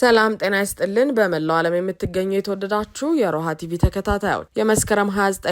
ሰላም ጤና ይስጥልን። በመላው ዓለም የምትገኙ የተወደዳችሁ የሮሃ ቲቪ ተከታታዮች የመስከረም 29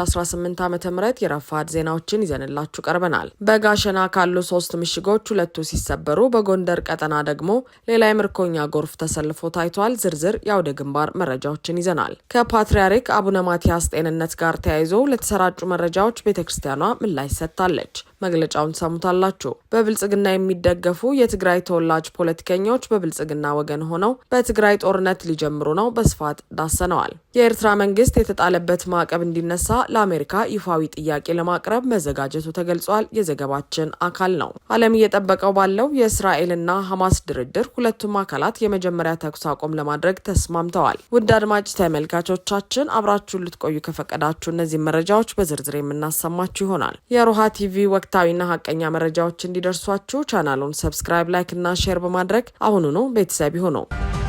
2018 ዓ ም የረፋድ ዜናዎችን ይዘንላችሁ ቀርበናል። በጋሸና ካሉ ሶስት ምሽጎች ሁለቱ ሲሰበሩ፣ በጎንደር ቀጠና ደግሞ ሌላ የምርኮኛ ጎርፍ ተሰልፎ ታይቷል። ዝርዝር የአውደ ግንባር መረጃዎችን ይዘናል። ከፓትርያርክ አቡነ ማቲያስ ጤንነት ጋር ተያይዞ ለተሰራጩ መረጃዎች ቤተ ክርስቲያኗ ምላሽ ሰጥታለች። መግለጫውን ሰሙታላችሁ። በብልጽግና የሚደገፉ የትግራይ ተወላጅ ፖለቲከኞች በብልጽግና ወገን ሆነው በትግራይ ጦርነት ሊጀምሩ ነው በስፋት ዳሰነዋል። የኤርትራ መንግስት የተጣለበት ማዕቀብ እንዲነሳ ለአሜሪካ ይፋዊ ጥያቄ ለማቅረብ መዘጋጀቱ ተገልጿል። የዘገባችን አካል ነው። ዓለም እየጠበቀው ባለው የእስራኤልና ሐማስ ድርድር ሁለቱም አካላት የመጀመሪያ ተኩስ አቁም ለማድረግ ተስማምተዋል። ውድ አድማጭ ተመልካቾቻችን አብራችሁን ልትቆዩ ከፈቀዳችሁ እነዚህ መረጃዎች በዝርዝር የምናሰማችሁ ይሆናል። የሮሃ ቲቪ ወቅታዊና ሀቀኛ መረጃዎች እንዲደርሷችሁ ቻናሉን ሰብስክራይብ፣ ላይክ እና ሼር በማድረግ አሁኑኑ ቤተሰብ ይሁኑ። não.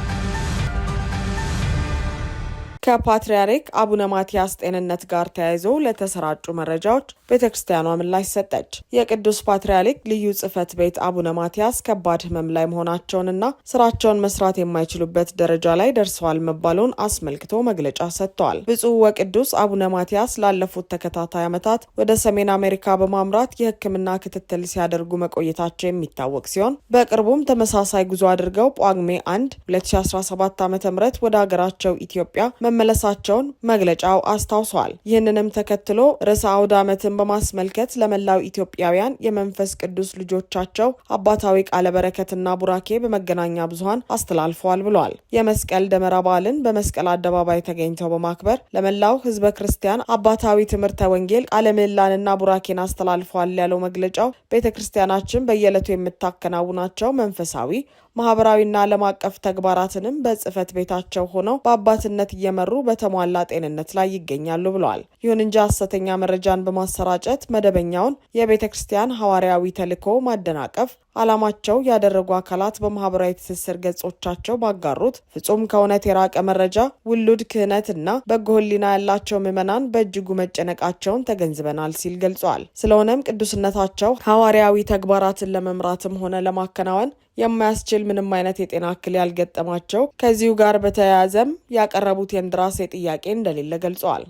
ከፓትርያርክ አቡነ ማቲያስ ጤንነት ጋር ተያይዘው ለተሰራጩ መረጃዎች ቤተ ክርስቲያኗ ምላሽ ሰጠች። የቅዱስ ፓትርያርክ ልዩ ጽህፈት ቤት አቡነ ማቲያስ ከባድ ህመም ላይ መሆናቸውንና ስራቸውን መስራት የማይችሉበት ደረጃ ላይ ደርሰዋል መባሉን አስመልክቶ መግለጫ ሰጥተዋል። ብፁዕ ወቅዱስ አቡነ ማቲያስ ላለፉት ተከታታይ ዓመታት ወደ ሰሜን አሜሪካ በማምራት የሕክምና ክትትል ሲያደርጉ መቆየታቸው የሚታወቅ ሲሆን በቅርቡም ተመሳሳይ ጉዞ አድርገው ጳጉሜ 1 2017 ዓ ም ወደ አገራቸው ኢትዮጵያ መመለሳቸውን መግለጫው አስታውሷል። ይህንንም ተከትሎ ርዕሰ አውደ ዓመትን በማስመልከት ለመላው ኢትዮጵያውያን የመንፈስ ቅዱስ ልጆቻቸው አባታዊ ቃለ በረከትና ቡራኬ በመገናኛ ብዙኃን አስተላልፈዋል ብሏል። የመስቀል ደመራ በዓልን በመስቀል አደባባይ ተገኝተው በማክበር ለመላው ህዝበ ክርስቲያን አባታዊ ትምህርተ ወንጌል ቃለ ምዕላንና ቡራኬን አስተላልፈዋል ያለው መግለጫው ቤተ ክርስቲያናችን በየዕለቱ የምታከናውናቸው መንፈሳዊ ማህበራዊና ዓለም አቀፍ ተግባራትንም በጽህፈት ቤታቸው ሆነው በአባትነት እየመሩ በተሟላ ጤንነት ላይ ይገኛሉ ብለዋል። ይሁን እንጂ ሐሰተኛ መረጃን በማሰራጨት መደበኛውን የቤተ ክርስቲያን ሐዋርያዊ ተልዕኮ ማደናቀፍ ዓላማቸው ያደረጉ አካላት በማህበራዊ ትስስር ገጾቻቸው ባጋሩት ፍጹም ከእውነት የራቀ መረጃ ውሉድ ክህነትና በጎ ሕሊና ያላቸው ምዕመናን በእጅጉ መጨነቃቸውን ተገንዝበናል ሲል ገልጿል። ስለሆነም ቅዱስነታቸው ሐዋርያዊ ተግባራትን ለመምራትም ሆነ ለማከናወን የማያስችል ምንም አይነት የጤና እክል ያልገጠማቸው ከዚሁ ጋር በተያያዘም ያቀረቡት የእንድራሴ ጥያቄ እንደሌለ ገልጿል።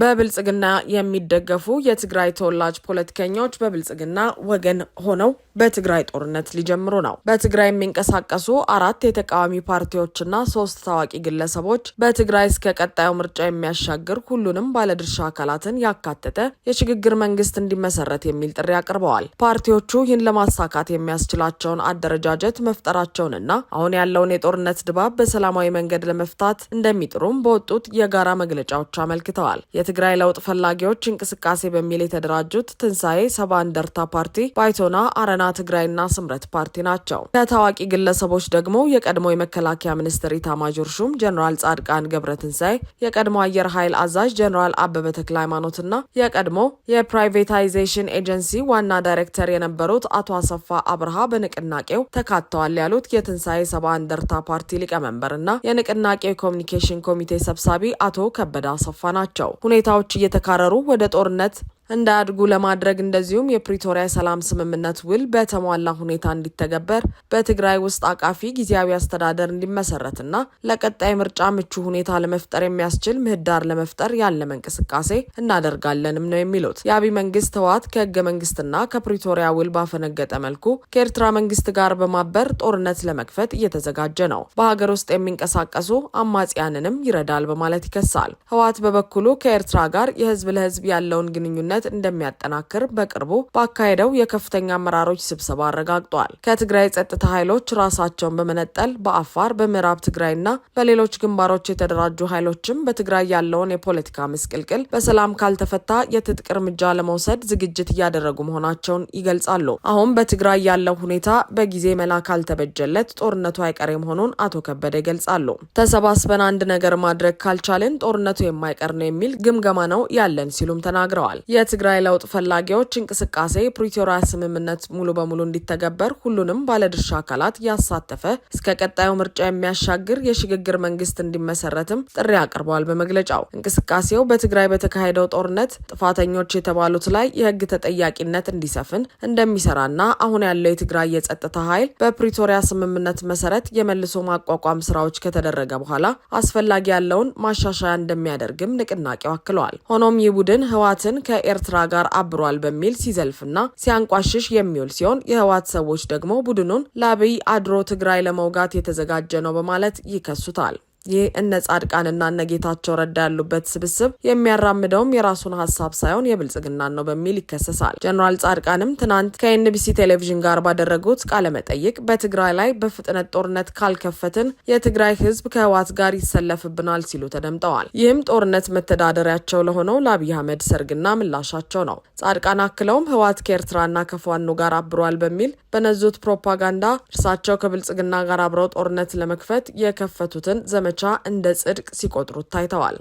በብልጽግና የሚደገፉ የትግራይ ተወላጅ ፖለቲከኞች በብልጽግና ወገን ሆነው በትግራይ ጦርነት ሊጀምሩ ነው። በትግራይ የሚንቀሳቀሱ አራት የተቃዋሚ ፓርቲዎችና ሶስት ታዋቂ ግለሰቦች በትግራይ እስከ ቀጣዩ ምርጫ የሚያሻግር ሁሉንም ባለድርሻ አካላትን ያካተተ የሽግግር መንግስት እንዲመሰረት የሚል ጥሪ አቅርበዋል። ፓርቲዎቹ ይህን ለማሳካት የሚያስችላቸውን አደረጃጀት መፍጠራቸውንና አሁን ያለውን የጦርነት ድባብ በሰላማዊ መንገድ ለመፍታት እንደሚጥሩም በወጡት የጋራ መግለጫዎች አመልክተዋል። የትግራይ ለውጥ ፈላጊዎች እንቅስቃሴ በሚል የተደራጁት ትንሣኤ ሰባ እንደርታ ፓርቲ፣ ባይቶና፣ አረና ትግራይና ስምረት ፓርቲ ናቸው። ከታዋቂ ግለሰቦች ደግሞ የቀድሞ የመከላከያ ሚኒስትር ኢታማጆር ሹም ጀኔራል ጻድቃን ገብረ ትንሣኤ፣ የቀድሞ አየር ኃይል አዛዥ ጀኔራል አበበ ተክለ ሃይማኖትና የቀድሞ የፕራይቬታይዜሽን ኤጀንሲ ዋና ዳይሬክተር የነበሩት አቶ አሰፋ አብርሃ በንቅናቄው ተካተዋል ያሉት የትንሣኤ ሰባ እንደርታ ፓርቲ ሊቀመንበርና የንቅናቄ ኮሚኒኬሽን ኮሚቴ ሰብሳቢ አቶ ከበደ አሰፋ ናቸው። ሁኔታዎች እየተካረሩ ወደ ጦርነት እንዳያድጉ ለማድረግ እንደዚሁም የፕሪቶሪያ የሰላም ስምምነት ውል በተሟላ ሁኔታ እንዲተገበር በትግራይ ውስጥ አቃፊ ጊዜያዊ አስተዳደር እንዲመሰረትና ለቀጣይ ምርጫ ምቹ ሁኔታ ለመፍጠር የሚያስችል ምህዳር ለመፍጠር ያለመ እንቅስቃሴ እናደርጋለንም ነው የሚሉት የአብይ መንግስት ህወሓት ከህገ መንግስትና ከፕሪቶሪያ ውል ባፈነገጠ መልኩ ከኤርትራ መንግስት ጋር በማበር ጦርነት ለመክፈት እየተዘጋጀ ነው፣ በሀገር ውስጥ የሚንቀሳቀሱ አማጽያንንም ይረዳል በማለት ይከሳል። ህወሓት በበኩሉ ከኤርትራ ጋር የህዝብ ለህዝብ ያለውን ግንኙነት ግንኙነት እንደሚያጠናክር በቅርቡ ባካሄደው የከፍተኛ አመራሮች ስብሰባ አረጋግጧል። ከትግራይ ጸጥታ ኃይሎች ራሳቸውን በመነጠል በአፋር በምዕራብ ትግራይና በሌሎች ግንባሮች የተደራጁ ኃይሎችም በትግራይ ያለውን የፖለቲካ ምስቅልቅል በሰላም ካልተፈታ የትጥቅ እርምጃ ለመውሰድ ዝግጅት እያደረጉ መሆናቸውን ይገልጻሉ። አሁን በትግራይ ያለው ሁኔታ በጊዜ መላ ካልተበጀለት ጦርነቱ አይቀሬ መሆኑን አቶ ከበደ ይገልጻሉ። ተሰባስበን አንድ ነገር ማድረግ ካልቻልን ጦርነቱ የማይቀር ነው የሚል ግምገማ ነው ያለን ሲሉም ተናግረዋል። የትግራይ ለውጥ ፈላጊዎች እንቅስቃሴ ፕሪቶሪያ ስምምነት ሙሉ በሙሉ እንዲተገበር ሁሉንም ባለድርሻ አካላት ያሳተፈ እስከ ቀጣዩ ምርጫ የሚያሻግር የሽግግር መንግስት እንዲመሰረትም ጥሪ አቅርበዋል። በመግለጫው እንቅስቃሴው በትግራይ በተካሄደው ጦርነት ጥፋተኞች የተባሉት ላይ የህግ ተጠያቂነት እንዲሰፍን እንደሚሰራና አሁን ያለው የትግራይ የጸጥታ ኃይል በፕሪቶሪያ ስምምነት መሰረት የመልሶ ማቋቋም ስራዎች ከተደረገ በኋላ አስፈላጊ ያለውን ማሻሻያ እንደሚያደርግም ንቅናቄው አክለዋል። ሆኖም ይህ ቡድን ህወሓትን ከ ከኤርትራ ጋር አብሯል በሚል ሲዘልፍና ሲያንቋሽሽ የሚውል ሲሆን የህወሓት ሰዎች ደግሞ ቡድኑን ለአብይ አድሮ ትግራይ ለመውጋት የተዘጋጀ ነው በማለት ይከሱታል። ይህ እነ ጻድቃንና እነ ጌታቸው ረዳ ያሉበት ስብስብ የሚያራምደውም የራሱን ሀሳብ ሳይሆን የብልጽግናን ነው በሚል ይከሰሳል። ጀኔራል ጻድቃንም ትናንት ከኤንቢሲ ቴሌቪዥን ጋር ባደረጉት ቃለመጠይቅ በትግራይ ላይ በፍጥነት ጦርነት ካልከፈትን የትግራይ ህዝብ ከህወሓት ጋር ይሰለፍብናል ሲሉ ተደምጠዋል። ይህም ጦርነት መተዳደሪያቸው ለሆነው ለአብይ አህመድ ሰርግና ምላሻቸው ነው። ጻድቃን አክለውም ህወሓት ከኤርትራና ከፋኖ ጋር አብሯል በሚል በነዙት ፕሮፓጋንዳ እርሳቸው ከብልጽግና ጋር አብረው ጦርነት ለመክፈት የከፈቱትን ዘመ ዘመቻ እንደ ጽድቅ ሲቆጥሩት ታይተዋል።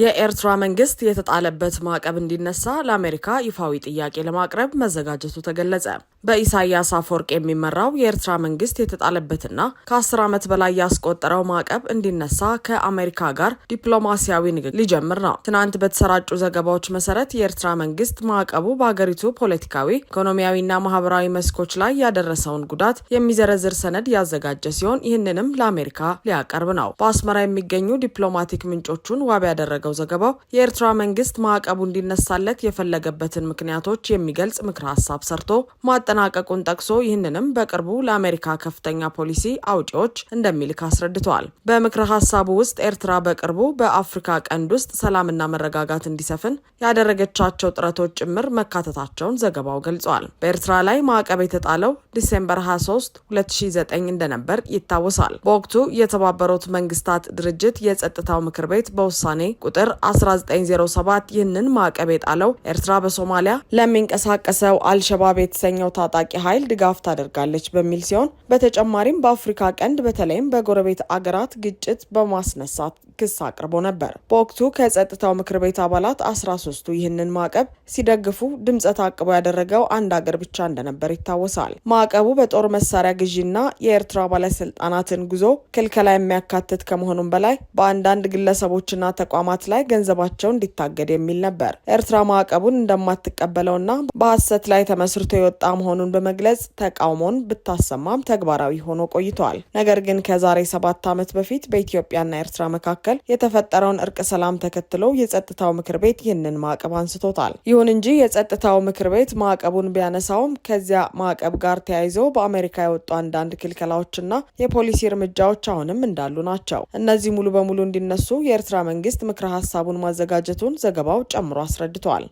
የኤርትራ መንግስት የተጣለበት ማዕቀብ እንዲነሳ ለአሜሪካ ይፋዊ ጥያቄ ለማቅረብ መዘጋጀቱ ተገለጸ። በኢሳያስ አፈወርቅ የሚመራው የኤርትራ መንግስት የተጣለበትና ከአስር ዓመት በላይ ያስቆጠረው ማዕቀብ እንዲነሳ ከአሜሪካ ጋር ዲፕሎማሲያዊ ንግግር ሊጀምር ነው። ትናንት በተሰራጩ ዘገባዎች መሰረት የኤርትራ መንግስት ማዕቀቡ በአገሪቱ ፖለቲካዊ፣ ኢኮኖሚያዊና ማህበራዊ መስኮች ላይ ያደረሰውን ጉዳት የሚዘረዝር ሰነድ ያዘጋጀ ሲሆን ይህንንም ለአሜሪካ ሊያቀርብ ነው። በአስመራ የሚገኙ ዲፕሎማቲክ ምንጮቹን ዋቢ ያደረገው ያደረገው ዘገባው የኤርትራ መንግስት ማዕቀቡ እንዲነሳለት የፈለገበትን ምክንያቶች የሚገልጽ ምክረ ሀሳብ ሰርቶ ማጠናቀቁን ጠቅሶ ይህንንም በቅርቡ ለአሜሪካ ከፍተኛ ፖሊሲ አውጪዎች እንደሚልክ አስረድተዋል። በምክረ ሀሳቡ ውስጥ ኤርትራ በቅርቡ በአፍሪካ ቀንድ ውስጥ ሰላምና መረጋጋት እንዲሰፍን ያደረገቻቸው ጥረቶች ጭምር መካተታቸውን ዘገባው ገልጿል። በኤርትራ ላይ ማዕቀብ የተጣለው ዲሴምበር 23 2009 እንደነበር ይታወሳል። በወቅቱ የተባበሩት መንግስታት ድርጅት የጸጥታው ምክር ቤት በውሳኔ ቁጥር ቁጥር 1907 ይህንን ማዕቀብ የጣለው ኤርትራ በሶማሊያ ለሚንቀሳቀሰው አልሸባብ የተሰኘው ታጣቂ ኃይል ድጋፍ ታደርጋለች በሚል ሲሆን በተጨማሪም በአፍሪካ ቀንድ በተለይም በጎረቤት አገራት ግጭት በማስነሳት ክስ አቅርቦ ነበር። በወቅቱ ከጸጥታው ምክር ቤት አባላት 13ቱ ይህንን ማዕቀብ ሲደግፉ ድምፀ ታቅቦ ያደረገው አንድ አገር ብቻ እንደነበር ይታወሳል። ማዕቀቡ በጦር መሳሪያ ግዢና የኤርትራ ባለስልጣናትን ጉዞ ክልከላ የሚያካትት ከመሆኑም በላይ በአንዳንድ ግለሰቦችና ተቋማት ተቋማት ላይ ገንዘባቸው እንዲታገድ የሚል ነበር። ኤርትራ ማዕቀቡን እንደማትቀበለውና በሀሰት ላይ ተመስርቶ የወጣ መሆኑን በመግለጽ ተቃውሞን ብታሰማም ተግባራዊ ሆኖ ቆይቷል። ነገር ግን ከዛሬ ሰባት ዓመት በፊት በኢትዮጵያና ኤርትራ መካከል የተፈጠረውን እርቅ ሰላም ተከትሎ የጸጥታው ምክር ቤት ይህንን ማዕቀብ አንስቶታል። ይሁን እንጂ የጸጥታው ምክር ቤት ማዕቀቡን ቢያነሳውም ከዚያ ማዕቀብ ጋር ተያይዞ በአሜሪካ የወጡ አንዳንድ ክልከላዎችና የፖሊሲ እርምጃዎች አሁንም እንዳሉ ናቸው። እነዚህ ሙሉ በሙሉ እንዲነሱ የኤርትራ መንግስት ምክረ ሀሳቡን ማዘጋጀቱን ዘገባው ጨምሮ አስረድቷል።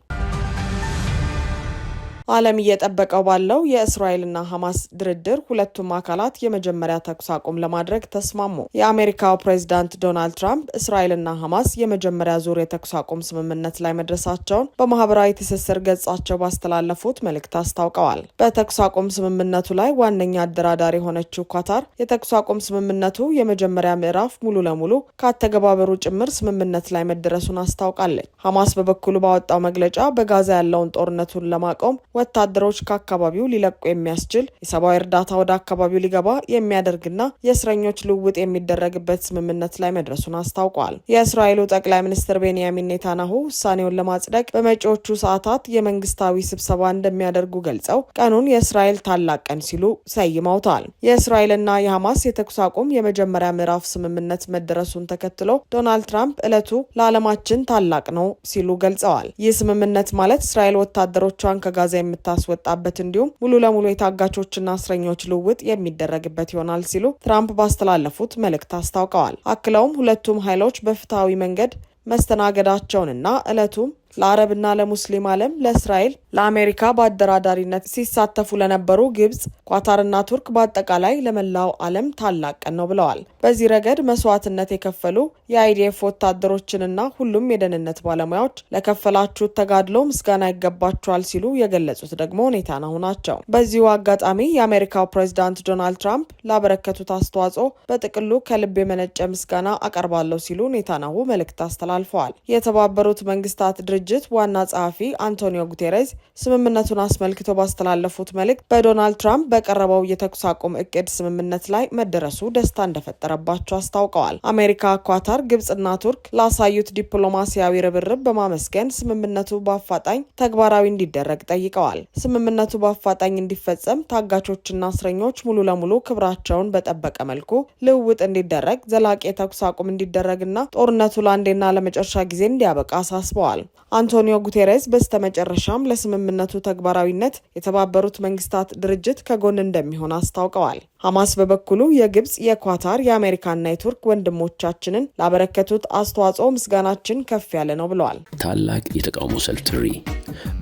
ዓለም እየጠበቀው ባለው የእስራኤልና ሐማስ ድርድር ሁለቱም አካላት የመጀመሪያ ተኩስ አቁም ለማድረግ ተስማሙ። የአሜሪካው ፕሬዚዳንት ዶናልድ ትራምፕ እስራኤልና ሐማስ የመጀመሪያ ዙር የተኩስ አቁም ስምምነት ላይ መድረሳቸውን በማህበራዊ ትስስር ገጻቸው ባስተላለፉት መልእክት አስታውቀዋል። በተኩስ አቁም ስምምነቱ ላይ ዋነኛ አደራዳሪ የሆነችው ኳታር የተኩስ አቁም ስምምነቱ የመጀመሪያ ምዕራፍ ሙሉ ለሙሉ ከአተገባበሩ ጭምር ስምምነት ላይ መደረሱን አስታውቃለች። ሐማስ በበኩሉ ባወጣው መግለጫ በጋዛ ያለውን ጦርነቱን ለማቆም ወታደሮች ከአካባቢው ሊለቁ የሚያስችል የሰብአዊ እርዳታ ወደ አካባቢው ሊገባ የሚያደርግና የእስረኞች ልውውጥ የሚደረግበት ስምምነት ላይ መድረሱን አስታውቋል። የእስራኤሉ ጠቅላይ ሚኒስትር ቤንያሚን ኔታናሁ ውሳኔውን ለማጽደቅ በመጪዎቹ ሰዓታት የመንግስታዊ ስብሰባ እንደሚያደርጉ ገልጸው ቀኑን የእስራኤል ታላቅ ቀን ሲሉ ሰይመውታል። የእስራኤልና የሐማስ የተኩስ አቁም የመጀመሪያ ምዕራፍ ስምምነት መደረሱን ተከትሎ ዶናልድ ትራምፕ ዕለቱ ለዓለማችን ታላቅ ነው ሲሉ ገልጸዋል። ይህ ስምምነት ማለት እስራኤል ወታደሮቿን ከጋዛ የምታስወጣበት እንዲሁም ሙሉ ለሙሉ የታጋቾችና እስረኞች ልውውጥ የሚደረግበት ይሆናል ሲሉ ትራምፕ ባስተላለፉት መልእክት አስታውቀዋል። አክለውም ሁለቱም ኃይሎች በፍትሐዊ መንገድ መስተናገዳቸውንና እለቱም ለአረብና ለሙስሊም ዓለም ለእስራኤል ለአሜሪካ በአደራዳሪነት ሲሳተፉ ለነበሩ ግብጽ፣ ኳታርና ቱርክ በአጠቃላይ ለመላው ዓለም ታላቅ ቀን ነው ብለዋል። በዚህ ረገድ መስዋዕትነት የከፈሉ የአይዲኤፍ ወታደሮችንና ሁሉም የደህንነት ባለሙያዎች ለከፈላችሁት ተጋድሎ ምስጋና ይገባቸዋል ሲሉ የገለጹት ደግሞ ኔታንያሁ ናቸው። በዚሁ አጋጣሚ የአሜሪካው ፕሬዚዳንት ዶናልድ ትራምፕ ላበረከቱት አስተዋጽኦ በጥቅሉ ከልብ የመነጨ ምስጋና አቀርባለሁ ሲሉ ኔታንያሁ መልእክት አስተላልፈዋል። የተባበሩት መንግስታት ድርጅት ድርጅት ዋና ጸሐፊ አንቶኒዮ ጉቴሬዝ ስምምነቱን አስመልክቶ ባስተላለፉት መልእክት በዶናልድ ትራምፕ በቀረበው የተኩስ አቁም እቅድ ስምምነት ላይ መደረሱ ደስታ እንደፈጠረባቸው አስታውቀዋል። አሜሪካ፣ ኳታር፣ ግብጽና ቱርክ ላሳዩት ዲፕሎማሲያዊ ርብርብ በማመስገን ስምምነቱ በአፋጣኝ ተግባራዊ እንዲደረግ ጠይቀዋል። ስምምነቱ በአፋጣኝ እንዲፈጸም ታጋቾችና እስረኞች ሙሉ ለሙሉ ክብራቸውን በጠበቀ መልኩ ልውውጥ እንዲደረግ ዘላቂ የተኩስ አቁም እንዲደረግና ጦርነቱ ለአንዴና ለመጨረሻ ጊዜ እንዲያበቃ አሳስበዋል። አንቶኒዮ ጉቴሬስ በስተመጨረሻም ለስምምነቱ ተግባራዊነት የተባበሩት መንግስታት ድርጅት ከጎን እንደሚሆን አስታውቀዋል። ሐማስ በበኩሉ የግብፅ፣ የኳታር፣ የአሜሪካና የቱርክ ወንድሞቻችንን ላበረከቱት አስተዋጽኦ ምስጋናችን ከፍ ያለ ነው ብለዋል። ታላቅ የተቃውሞ ሰልፍ ጥሪ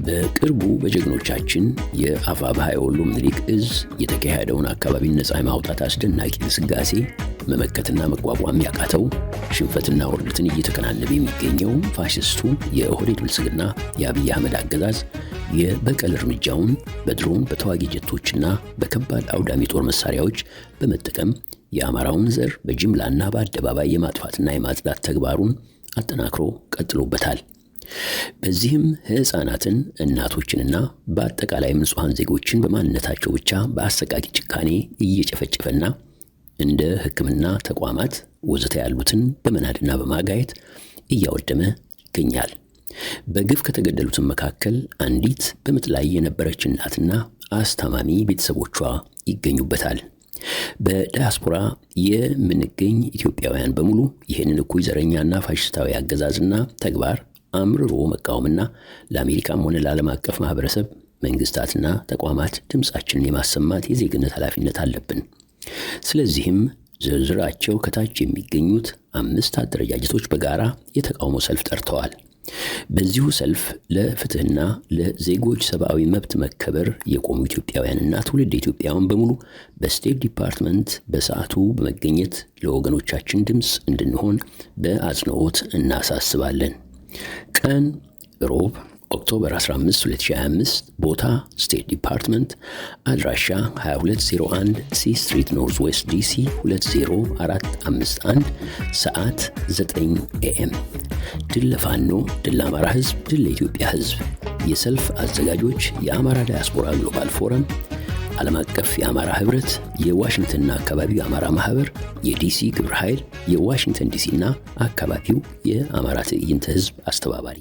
በቅርቡ በጀግኖቻችን የአፋባ የወሎ ምኒልክ እዝ የተካሄደውን አካባቢ ነጻ የማውጣት አስደናቂ ግስጋሴ መመከትና መቋቋም ያቃተው ሽንፈትና ውርደትን እየተከናነበ የሚገኘው ፋሽስቱ የኦህዴድ የደኢህዴግ ብልጽግና የአብይ አህመድ አገዛዝ የበቀል እርምጃውን በድሮን በተዋጊ ጀቶችና በከባድ አውዳሚ ጦር መሳሪያዎች በመጠቀም የአማራውን ዘር በጅምላና በአደባባይ የማጥፋትና የማጽዳት ተግባሩን አጠናክሮ ቀጥሎበታል። በዚህም ሕፃናትን እናቶችንና በአጠቃላይ ንጹሐን ዜጎችን በማንነታቸው ብቻ በአሰቃቂ ጭካኔ እየጨፈጨፈና እንደ ሕክምና ተቋማት ወዘተ ያሉትን በመናድና በማጋየት እያወደመ ይገኛል። በግፍ ከተገደሉት መካከል አንዲት በምጥ ላይ የነበረች እናትና አስታማሚ ቤተሰቦቿ ይገኙበታል። በዳያስፖራ የምንገኝ ኢትዮጵያውያን በሙሉ ይህንን እኩይ ዘረኛና ፋሽስታዊ አገዛዝና ተግባር አምርሮ መቃወምና ለአሜሪካም ሆነ ለዓለም አቀፍ ማህበረሰብ መንግስታትና ተቋማት ድምፃችንን የማሰማት የዜግነት ኃላፊነት አለብን። ስለዚህም ዝርዝራቸው ከታች የሚገኙት አምስት አደረጃጀቶች በጋራ የተቃውሞ ሰልፍ ጠርተዋል። በዚሁ ሰልፍ ለፍትህና ለዜጎች ሰብአዊ መብት መከበር የቆሙ ኢትዮጵያውያንና ትውልድ ኢትዮጵያውያን በሙሉ በስቴት ዲፓርትመንት በሰዓቱ በመገኘት ለወገኖቻችን ድምፅ እንድንሆን በአጽንኦት እናሳስባለን። ቀን ሮብ ኦክቶበር 15 2025 ቦታ ስቴት ዲፓርትመንት አድራሻ 2201 ሲ ስትሪት ኖርዝ ዌስት ዲሲ 20451 ሰዓት 9 ኤኤም ድል ለፋኖ ድል ለአማራ ህዝብ ድል ለኢትዮጵያ ህዝብ የሰልፍ አዘጋጆች የአማራ ዳያስፖራ ግሎባል ፎረም ዓለም አቀፍ የአማራ ህብረት የዋሽንግተንና አካባቢው የአማራ ማህበር የዲሲ ግብረ ኃይል የዋሽንግተን ዲሲና አካባቢው የአማራ ትዕይንተ ህዝብ አስተባባሪ